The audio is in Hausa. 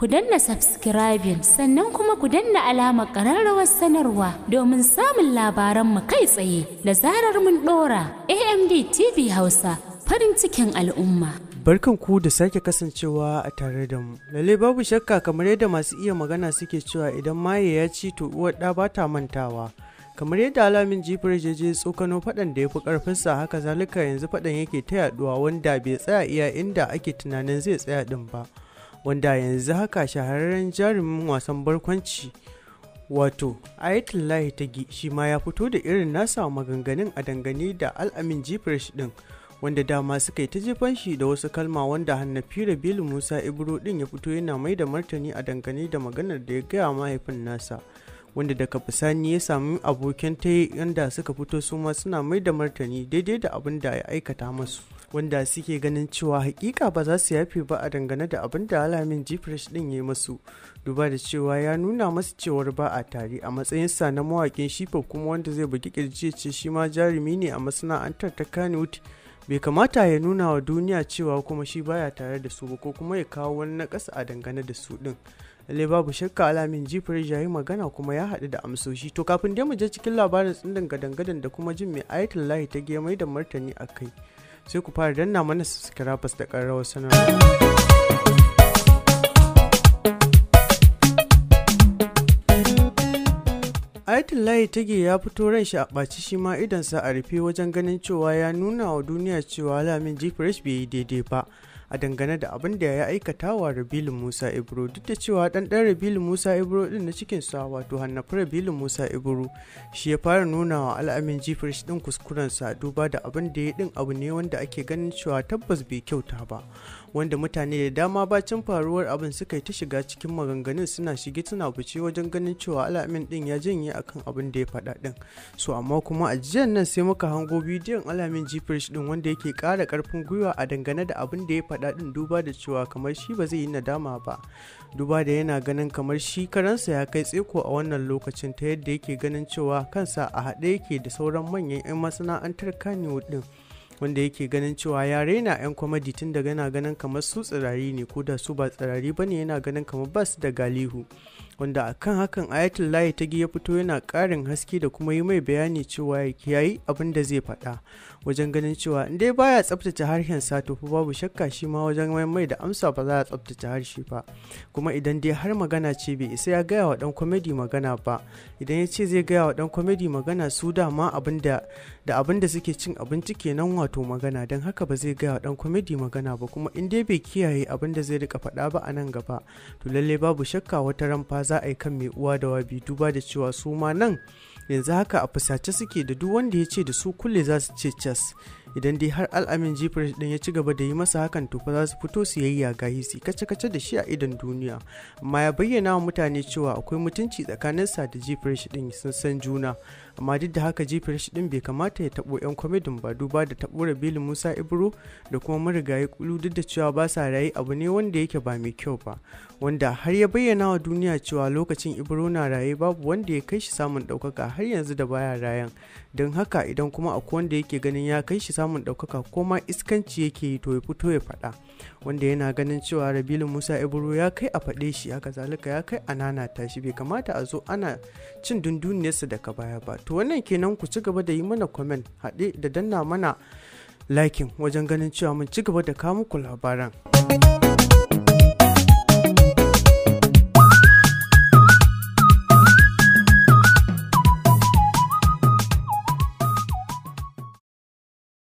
ku danna subscribing sannan kuma ku danna alamar ƙararrawar sanarwa domin samun labaran mu kai tsaye da zarar mun ɗora amd tv hausa farin cikin al'umma barkan ku da sake kasancewa a tare da mu lalle babu shakka kamar yadda masu iya magana suke cewa idan maye ya ci to uwar da ba ta mantawa kamar yadda alamin jifar jeje tsokano faɗan da ya fi karfinsa haka zalika yanzu faɗan yake ta yaduwa wanda bai tsaya iya inda ake tunanin zai tsaya din ba wanda yanzu haka shahararren jarumin wasan barkwanci wato ayatullahi tagi shi ma ya fito da irin nasa maganganun a dangane da al'amin jifar shi din wanda dama suka yi ta jifan shi da wasu kalma wanda hannafira bilu musa ibro din ya fito yana mai da martani a dangane da maganar da ya gaya mahaifin nasa wanda daga bisani ya sami abokin ta yi yanda suka fito su ma suna mai da martani daidai da abin da ya aikata masu wanda suke ganin cewa hakika ba za su yafe ba a dangane da abin da alamin jifresh din ya yi masu duba da cewa ya nuna masu cewar ba a tare a matsayinsa na mawakin shifa kuma wanda zai bugi kirji ce shi ma jarumi ne a masana'antar ta kanut bai kamata ya nuna wa duniya cewa kuma shi baya tare da su ba ko kuma ya kawo wani nakasa a dangane da su din lalle babu shakka alamin jifar ya yi magana kuma ya haɗu da amsoshi to kafin dai mu je cikin labarin tsindin gadangadan da kuma jin mai ayatul lahi ta gemai da martani a kai sai ku fara danna mana subscribers da karrawar sanarwa. ta Tage ya fito ran shi a ɓaci shi ma idansa a rufe wajen ganin cewa ya nuna wa duniya cewa Lamin jifresh bai yi daidai ba. a dangane da abin da ya aikata wa Rabilu Musa Ibro duk da cewa dan dan Rabilu Musa Ibro din na cikin sa wato hannafa Rabilu Musa Ibro shi ya fara nuna wa al'amin jifirish din sa duba da abin da ya din abu ne wanda ake ganin cewa tabbas bai kyauta ba wanda mutane da dama bacin faruwar abin suka yi ta shiga cikin maganganun suna shige suna fice wajen ganin cewa al'amin din ya janye akan abin da ya faɗa din so amma kuma a jiyan nan sai muka hango bidiyon alamin jifirish din wanda yake ƙara ƙarfin gwiwa a dangane da abin da ya faɗa faɗa ɗin duba da cewa kamar shi ba zai yi nadama ba duba da yana ganin kamar shi karansa ya kai tseko a wannan lokacin ta yadda yake ganin cewa kansa a haɗe yake da sauran manyan 'yan masana'antar kaniwood ɗin wanda yake ganin cewa ya raina 'yan kwamadi tun daga yana ganin kamar su tsirari ne ko da su ba tsirari ba ne yana ganin kamar bas da galihu wanda akan hakan layi ta ya fito yana karin haske da kuma yi mai bayani cewa ya yi abin da zai faɗa wajen ganin cewa in dai baya tsaftace harshen sa to babu shakka shi ma wajen mai da amsa ba za a tsaftace harshe ba kuma idan dai har magana ce bai isa ya gaya wa dan komedi magana ba idan ya ce zai gaya wa dan komedi magana su dama abin da da abin da suke cin abinci kenan wato magana don haka ba zai gaya wa dan komedi magana ba kuma in dai bai kiyaye abin da zai rika faɗa ba a nan gaba to lallai babu shakka wata ran za a yi kan mai uwa da wabi duba da cewa su ma nan yanzu haka a fusace suke da duk wanda ya ce da su kulle za su ce cas idan dai har al'amin jifar din ya ci gaba da yi masa hakan to fa za su fito su yayya gahi su kace kace da shi a idan duniya amma ya bayyana wa mutane cewa akwai mutunci tsakanin sa da jifar din sun san juna amma duk da haka jifresh din bai kamata ya tabo yan kwamidin ba duba da tabo bilin musa ibro da kuma marigayi kulu duk da cewa ba sa raye abu ne wanda yake ba mai kyau ba wanda har ya bayyana wa duniya cewa lokacin ibro na raye babu wanda ya kai shi samun ɗaukaka har yanzu da baya rayan don haka idan kuma akwai wanda yake ganin ya kai shi samun ɗaukaka ko ma iskanci yake yi to ya fito ya faɗa wanda yana ganin cewa rabilu musa ibro ya kai a faɗe shi haka zalika ya kai a nanata shi bai kamata a zo ana cin dunduniyarsa daga baya ba to wannan kenan ku ci gaba da yi mana comment haɗe da danna mana lakin wajen ganin cewa mun ci gaba da kawo muku labaran